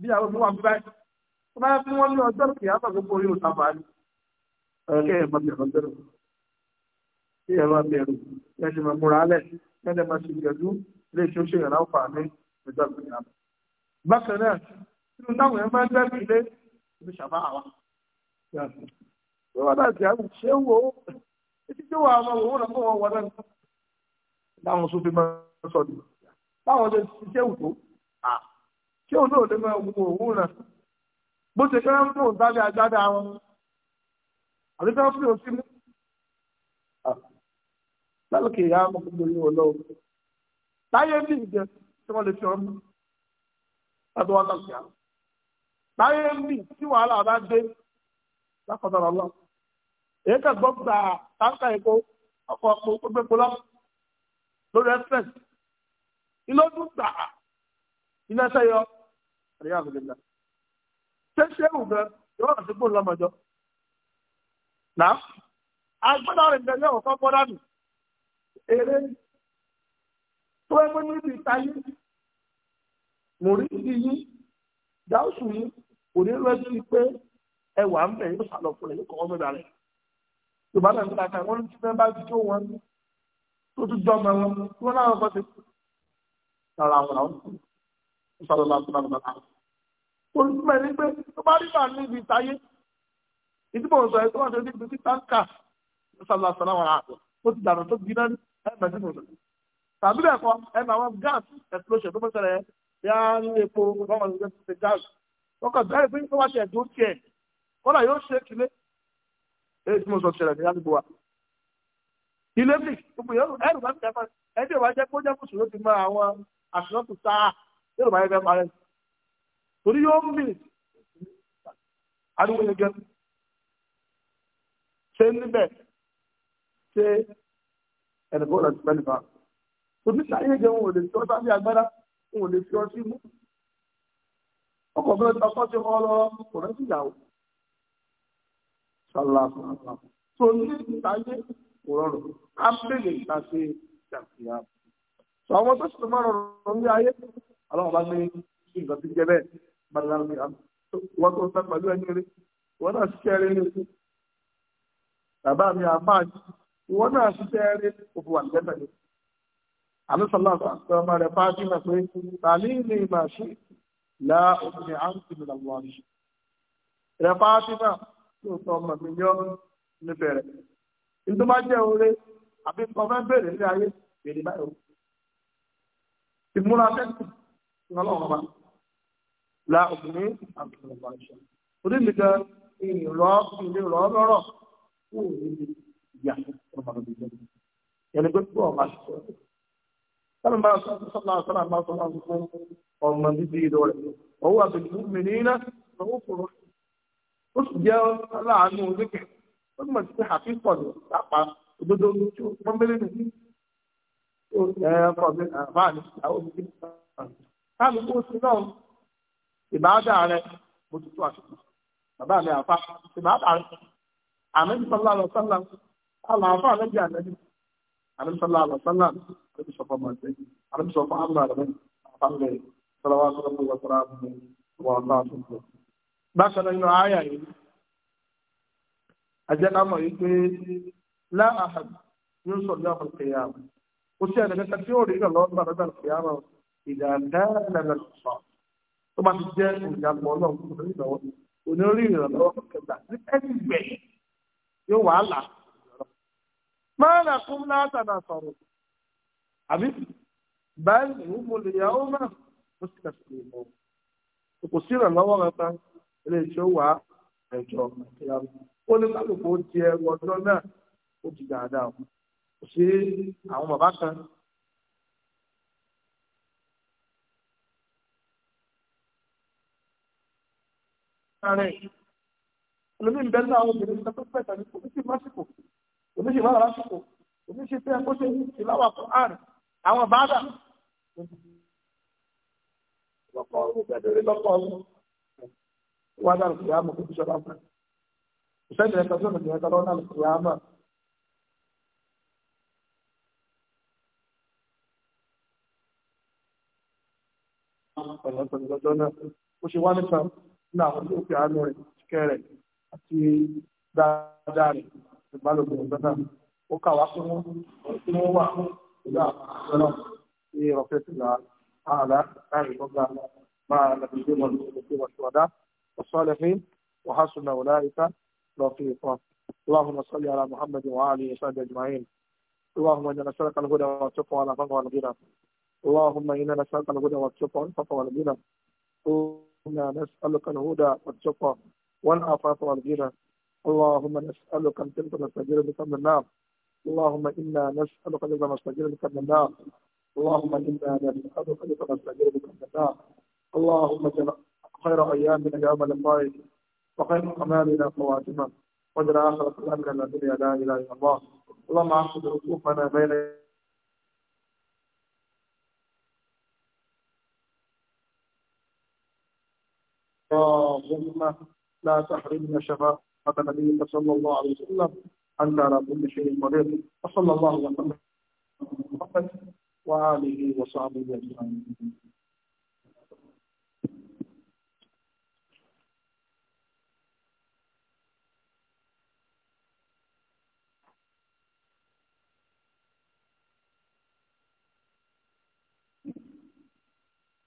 bí mi wà mí báyìí tó bá yẹ kí wọ́n ní ọjọ́ kìí àbá gbogbo yóò sábà ní ọ̀kẹ́ ẹ̀ máa bẹ̀rù bẹ̀rù kí ẹ máa bẹ̀rù ẹ sì máa múra lẹ̀ kí ẹ máa ṣe ìgbẹ̀dú ilé tí ó ṣe ìrànlá ọ̀fà ní ọjọ́ kìí àbá. bákan náà nínú táwọn ẹ̀ máa ń dẹ́bi ilé ìlú ṣàbá àwa. wọ́n náà ti ṣé wò ó títí tí wọ́n àwọn òun náà wọ́n wọ́n náà láwọn sófin ṣe ṣiṣẹ́ máa wo bó ṣe fẹ́ mú ìdájọ́ agbádá wọn àbí fẹ́ fún òsì mú. lálùkì ìyá ọmọkùnrin yìí ọlọ́wọ́ láyé bí ìjẹ tí wọ́n lè fi ọmú láti wá lálùkì àwọn. láyé bí tí wàhálà bá dé lákọ̀ọ́dọ̀ lọ́wọ́ èyí gbọ́ táǹkà èkó ọkọ̀ lórí gbà àríyá náà. ṣé ṣéwù gan yóò hàn sípò lọ́mọjọ́ là agbọ́dá rẹ̀ bẹ̀rẹ̀ yóò kọ́ bọ́dá nù eré tó ẹgbẹ́ níbi ìtayé mòrí ibi yín dáhùsù yín kò ní lọ sí pé ẹwà ń bẹ̀ yóò sàlọ̀ fún ẹ̀ yóò kọ́ mẹ́ta rẹ̀ yorùbá náà ń ta ta wọ́n ti fẹ́ bá ti tó wọn tó tún jọ ọmọ wọn tí wọ́n náà wọ́n kọ́ sí. Sọ̀rọ̀ àwọn àwọn ìsọ̀rọ̀ bá olùsúmọ̀ ẹni pé tó bá rí bàánú ibi ìtayé ìdíbò sọ ẹ tó wà lórí ibi táǹkà sàlà sàlà wà áàbò ó ti dànù tó gbiná ní ẹgbẹ́ tí mo sọ tàbí ẹ̀kọ́ ẹnu àwọn gáàsì explosion tó mọ̀sẹ̀rẹ̀ yá ní epo báwọn ìgbẹ́ ti ṣe gáàsì wọ́n kàn bẹ́ẹ̀ pé tó wá ṣe ẹ̀dùn tiẹ̀ kọ́là yóò ṣe kílé èyí tí mo sọ ṣẹlẹ̀ ní àdúgbò wa ilé mi gbogbo yẹn ẹrù bá ti kẹfà ẹni tí ò bá jẹ́ kó jẹ́ kùsùn ló ti mọ àwọn torí yóò mì ariwo yẹn gẹ ṣe níbẹ̀ ṣe ẹnìkan ọ̀rọ̀ ìpẹ́ nìkan oníṣẹ́ ayé jẹun ò lè fi ọ́tá bí agbára ò lè fi ọtí mú ọkọ̀ bẹ́ẹ̀ ọkọ̀ tí wọ́n lọ kò rẹ́ sí ìyàwó sálàmù àlàmù tó ní ìtayé kò rọrùn á bèèrè ìtàṣe ìjàkúyà sọ àwọn tó sì tó máa rọrùn ní ayé àwọn ọba gbé nǹkan ti jẹ bẹ́ẹ̀ balùwà lókè àmì wọ́n tó sá pẹ̀lú ẹni rí wọ́n náà ṣiṣẹ́ rí ní ojú bàbá mi àmáà wọ́n náà ṣiṣẹ́ rí òfò wà lẹ́sẹ̀ ni àlùsọ̀lá àti ọmọ rẹ̀ fáájú náà pé tàlí ní ìmọ̀ sí là òmìnira àǹtí mi làwọn àṣì rẹ̀ fáájú náà tó sọ ọmọ mi yọ níbẹ̀rẹ̀ nítorí wọ́n jẹ́ oore àbí ọmọ bẹ̀rẹ̀ ní ayé bèrè báyìí ìmúra tẹ́sí ńlọ́wọ́ bá láàbùnrin àbùrọ̀bà ṣe orí mi gan ìrọ̀ ilé rọ̀ lọ́rọ̀ kú òní ìyá ọmọdé jẹ ẹni pé kú ọmọ àṣìṣe sọ́nà bá sọ́nà sọ́nà bá sọ́nà fún ọmọ bíbí ìlú rẹ̀ ọwọ́ àbẹ̀lú mi ní iná ọwọ́ fòrò ó sì jẹ́ aláàánú oníkẹ́ ó sì mọ̀ sí àfihàn ní àpá òdodo tí ó pọ́nbélé nù ó ẹ̀ ẹ̀ kọ́ mi àbáà ní àwọn òbí káàmì kó o sí náà. ìbáàdà rẹ mo ti tó àṣìkò bàbá mi àfa ìbáàdà rẹ àmẹ́bí sọlá lọ sọlá àwọn àfa àmẹ́bí àmẹ́bí àmẹ́bí sọlá lọ sọlá àmẹ́bí sọfọ màdé àmẹ́bí sọfọ àmà rẹ àfa mi sọlá wa sọlá wa sọlá mi wà á bá tó tó. bákan náà inú àyà yìí ajẹ́ ká mọ̀ yìí pé láàhàd yóò sọ ní ọkọ̀ kéyàmù. ó sì ẹ̀rẹ̀ mẹ́ta tí ó rí ìrànlọ́wọ́ nígbà mẹ́ta kéyàmù ìdàgbà lẹ́nu sọ̀rọ̀. tó bá ti jẹ́ ìjàpọ̀ ọlọ́run tó ní ìrànlọ́wọ́ òní orí ìrànlọ́wọ́ kẹta ní ẹgbẹ́ yóò wà á là máa nà kún látàdà sọ̀rọ̀ àbí báyìí ìwú mo lè yà ó mà ó sì kàṣì lè mọ̀ kò sí ìrànlọ́wọ́ kankan eléyìí tí ó wà ẹ̀jọ̀ àkíyàwó ó ní kálukú ó di ẹrù ọjọ́ náà ó di dáadáa kò sí àwọn bàbá kan rẹ̀ olómi ìbẹ́ náà àwọn obìnrin kan tó pẹ̀ tàbí kò ní sí mọ́sìkò kò ní sí ìwà lásìkò kò ní sí tẹ́ kó ṣe ìláwà fún àrùn àwọn bàbá lọ́kọ̀ ọ̀run gbẹ̀dẹ̀rẹ̀ lọ́kọ̀ ọ̀run wà dàrú kìí àmọ̀ kó bíṣọ́ láǹfà ìṣẹ́jẹ̀ ẹ̀ka tó nìyẹn tọ́lọ́ náà kìí àmọ̀ ọ̀lọ́sọ̀rọ̀ lọ́jọ́ náà ó ṣe wá nípa nínú àwọn tí ó fi àánú rẹ̀ kíkẹ́ rẹ̀ àti dáadáa rẹ̀ ìbálòpọ̀ ìgbàdà ó kà wá fún tí wọ́n wà pẹ̀lú àwọn àṣẹ náà ní ọ̀fẹ́ tìlà ààlà láàrin gbọ́gbà máa lọ́dún dé wọn lọ́dún dé wọn ṣùwádà ọ̀ṣọ́lẹ̀fín وحسن أولئك رفيقا اللهم صل على محمد وآله وصحبه أجمعين اللهم إنا نسألك الهدى والتقوى والعفو والغنى اللهم إنا نسألك الهدى والتقوى والعفو والغنى إنا نسألك الهدى والتقى والعفاف والغنى اللهم نسألك أن تلقى نستجير بك من النار اللهم إنا نسألك أن تلقى نستجير بك من النار اللهم إنا نسألك أن تلقى نستجير بك من النار اللهم اجعل خير أيامنا يوم لقائك وخير أمامنا خواتمه واجعل آخر كلامنا من الدنيا لا إله إلا الله اللهم أحفظ رفوفنا بين اللهم لا تحرمنا شفاعة نبيك صلى الله عليه وسلم أنت على كل شيء قدير وصلى الله وسلم على محمد وعلى اله وصحبه أجمعين